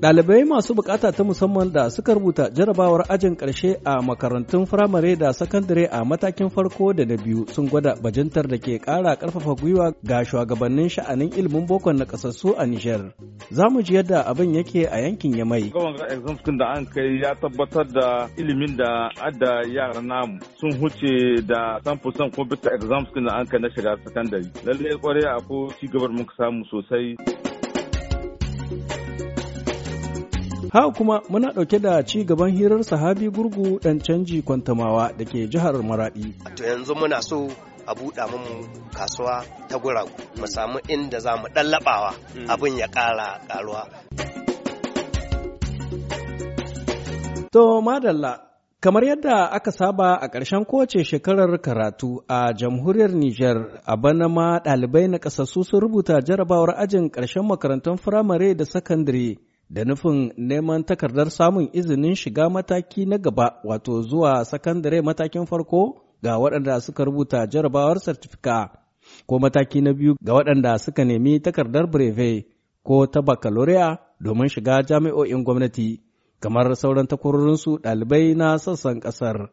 Ɗalibai masu bukata ta musamman da suka rubuta jarabawar ajin ƙarshe a makarantun firamare da sakandare a matakin farko da na biyu sun gwada bajintar da ke ƙara ƙarfafa gwiwa ga shugabannin sha'anin ilimin bokon na ƙasassu a Nijar. Za mu ji yadda abin yake a yankin Yamai. Gawan exams da an kai ya tabbatar da ilimin da adda yara namu sun huce da 100% ko bisa exams da an kai na shiga sakandare. Lallai kwarai ci cigabar muka samu sosai. Haka kuma muna ɗauke da ci gaban hirar sahabi gurgu ɗan canji kwantamawa da ke jihar Maraɗi. To yanzu muna so a buɗa mu kasuwa ta guragu mu samu inda za mu ɗallaɓawa mm. abin ya ƙara ƙaruwa. To madalla Kamar yadda aka saba a ƙarshen kowace shekarar karatu a jamhuriyar Nijar, a bana ma ɗalibai na ƙasassu sun rubuta jarabawar ajin ƙarshen makarantun firamare da sakandare da nufin neman takardar samun izinin shiga mataki na gaba wato zuwa sakandare matakin farko ga waɗanda suka rubuta jarabawar sartifika ko mataki na biyu ga waɗanda suka nemi takardar breve ko ta baccalaureate domin shiga jami'o'in gwamnati kamar sauran takwarorinsu ɗalibai na sassan ƙasar.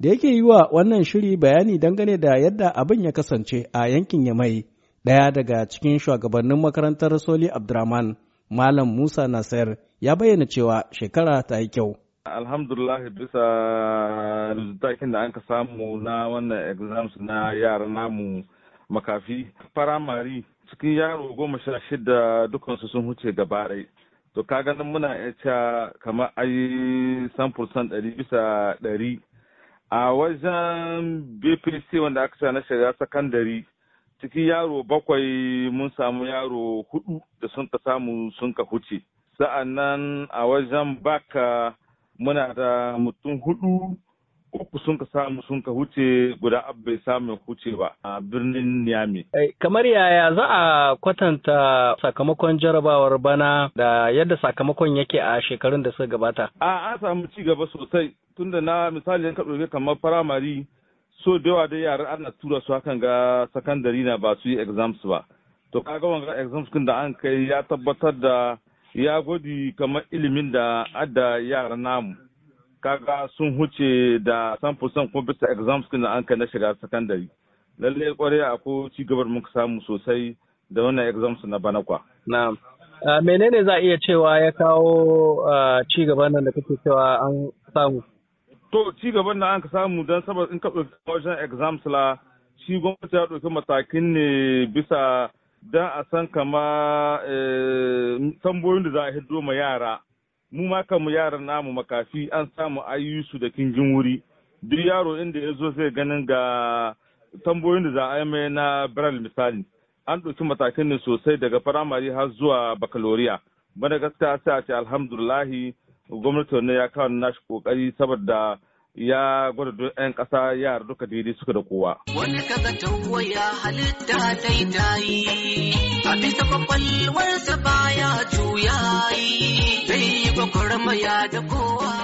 Da yake yi wa wannan shiri bayani dangane da yadda abin ya kasance a yankin Yamai, ɗaya daga cikin shugabannin makarantar Soli Abdurrahman Malam Musa Nasir ya bayyana cewa shekara ta yi kyau. Alhamdulillah bisa takin da anka samu na wannan exams na yara namu makafi Faramari cikin yaro goma sha shida dukansu sun huce gaba ɗai. To ka ganin muna iya kamar yi samfursan ɗari bisa ɗari. A wajen BPC wanda aka sa na shiga sakandare cikin yaro bakwai mun samu yaro hudu da sun ka samu sun ka huce sa'annan a wajen baka muna da mutum hudu uku sun ka samu sun ka huce guda bai samu huce ba a birnin Niamey. Eh, kamar yaya za a kwatanta sakamakon jarabawar bana da yadda sakamakon yake a shekarun da suka gabata? A an samu ci gaba sosai tunda na misali ka ɗauki kamar firamare so da yawa dai yaran ana tura su hakan ga sakandare na ba su yi exams ba to kaga wanga exams kin da an kai ya tabbatar da ya gwadi kamar ilimin da adda yaran namu kaga sun huce da sample san kuma bisa exams kin da an kai na shiga sakandare lallai kwarai akwai ci gabar muka samu sosai da wannan exams na bana kwa na'am ah, menene za a iya cewa ya kawo ah, ci gaba nan da kake cewa an samu to ci gaban da an samu don saboda in ka ɗauki wajen exams la shi gwamnati ya ɗauki matakin ne bisa don a san kama eh, tamboyin da za a hiddo ma yara mu ma yaran namu makafi an samu ayyusu da kingin wuri duk yaro inda ya zo sai ganin ga tamboyin da za a yi mai na biral misali an ɗauki matakin ne sosai daga firamare har zuwa bakaloriya bana gaskiya sai a ce alhamdulahi gwamnatin ne ya kawo nashi kokari saboda ya gwada duk 'yan ƙasa yara duka daidai suka da kowa. Wani ta ya halitta daidai, a bisa kwakwalwarsa baya juyayi.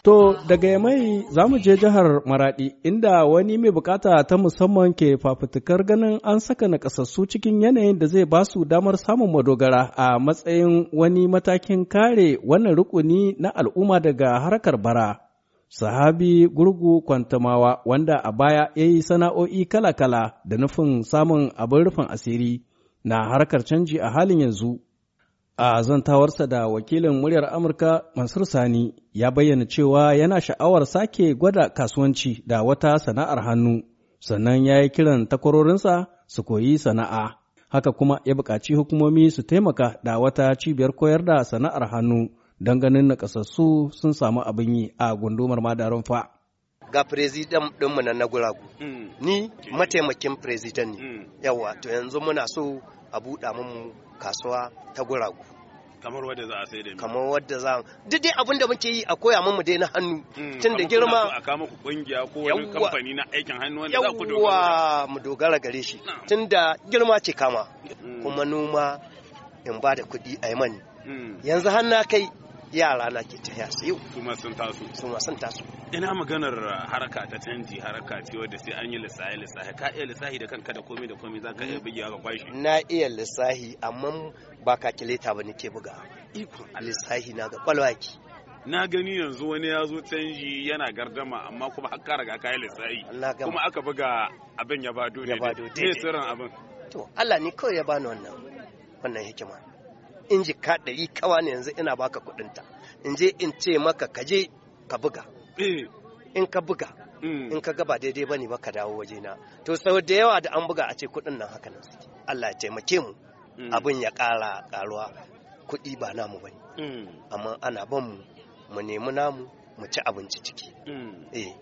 To daga yamai za mu je jihar Maradi inda wani mai bukata ta musamman ke fafutukar ganin an saka naƙasassu cikin yanayin da zai basu damar samun madogara a matsayin wani matakin kare wannan rukuni na al'umma daga harkar bara. Sahabi gurgu kwantamawa wanda a baya ya yi sana'o'i kala-kala da nufin samun abin rufin asiri na harkar canji a halin yanzu. A zantawarsa da wakilin muryar Amurka Mansur Sani ya bayyana cewa yana sha'awar sake gwada kasuwanci da wata sana'ar hannu, sannan ya yi kiran takwarorinsa su koyi sana'a. Haka kuma ya buƙaci hukumomi su taimaka da wata cibiyar koyar da sana'ar hannu don ganin nakasassu sun samu abin yi a gundumar madarin fa. Ga firizidan ɗinmu na Naguragu, mm. ni mataimakin firizidan ne, mm. yawa to yanzu muna so a buɗa mun kasuwa ta guragu kamar wadda za a sai da kamar wadda za duk dai abin da muke yi a koya mu dai na hannu hmm, tun da girma a kama ku kungiya ko wani kamfani na aikin hannu wanda za ku dogara mu dogara gare shi tun da girma ce kama hmm. kuma noma in ba da kuɗi a mani hmm. yanzu har na kai yara na ke ta yasa yau su ma sun taso su ma sun taso ina maganar haraka ta canji haraka ce wadda sai an yi lissahi lissahi ka iya lissahi da kanka da komai da komai za ka iya bugewa ga kwashi na iya lissahi amma ba ka kakileta ba ke buga ikon lissahi na ga kwalwaki na gani yanzu wani ya zo canji yana gardama amma kuma har ka riga kayi lissahi kuma aka buga abin ya bado ne ne sirrin abin to Allah ne kawai ya bani wannan wannan hikima in ji ka ɗari kawa ne yanzu ina baka kuɗinta in je in ce maka kaje ka buga Eh. in ka buga mm. in ka gaba daidai bane ba ka dawo waje na to sau da yawa da an buga a ce kudin nan haka nan suke Allah ya taimake mu mm. abin ya kara karuwa kudi ba namu bane mm. amma ana ban mu mu nemi namu mu ci abinci ciki eh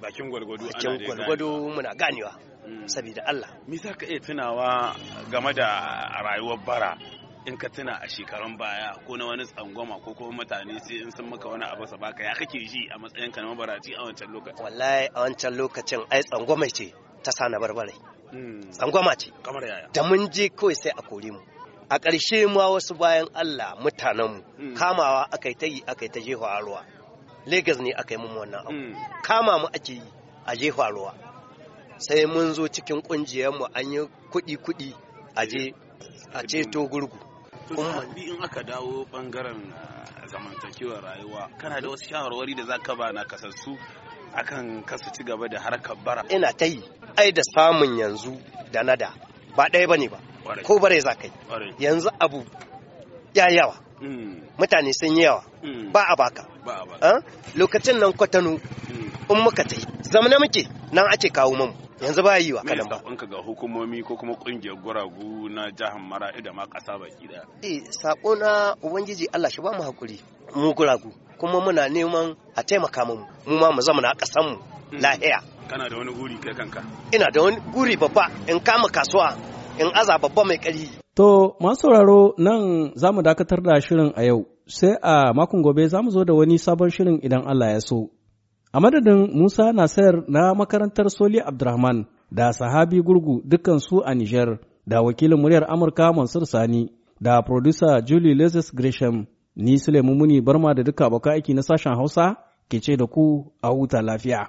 bakin gwalgwado bakin gwalgwado muna ganewa sabida Allah me zaka iya tunawa game da rayuwar bara in ka tuna a shekarun baya ko na wani tsangwama ko kuma mutane sai in sun maka wani abu baka ya kake ji a matsayin ka na mabarati a wancan lokacin wallahi a wancan lokacin ai tsangwama ce ta sana barbare hmm. tsangwama ce kamar yaya da mun je kawai sai a kore mu a ƙarshe ma wasu bayan Allah mutanen mu hmm. kamawa akai ta yi akai ta jefa a Legas ne akai mun wannan abu hmm. kama mu ake yi a jefa ruwa sai mun zo cikin mu an yi kuɗi kuɗi a je a ceto gurgu kuma in aka dawo bangaren ah, zamantakewar rayuwa kana da wasu shawarwari da zaka ba na kasassu akan kasu ci gaba da harkar bara ina ta yi ai da samun yanzu da na da ba ɗaya bane ba ko bare za ka yi yanzu abu ya yawa mm. mutane sun yi yawa mm. ba a baka ah, lokacin nan kwatano mm. in muka ta yi zamana muke nan ake kawo mamu yanzu ba yi wa kanan ba me ga hukumomi ko kuma kungiyar guragu na jihar Maradi da ma kasa baki daya eh sako na ubangiji Allah shi ba mu hakuri mu guragu kuma muna neman a taimaka mu mu ma mu zama na kasan mu hmm. lahiya kana da wani guri kai kanka ina da wani guri babba in kama kasuwa in aza babba mai kari. To, masu sauraro nan za mu dakatar da shirin a yau, sai a makon gobe za mu zo da wani sabon shirin idan Allah ya so. A madadin Musa sayar na makarantar Soli Abdurrahman da Sahabi Gurgu dukansu a Nijar da wakilin muryar Amurka Mansur Sani da producer Julie Lesis Gresham ni Suleiman Muni Barma da duka abokan aiki na sashen Hausa ke ce da ku a huta lafiya.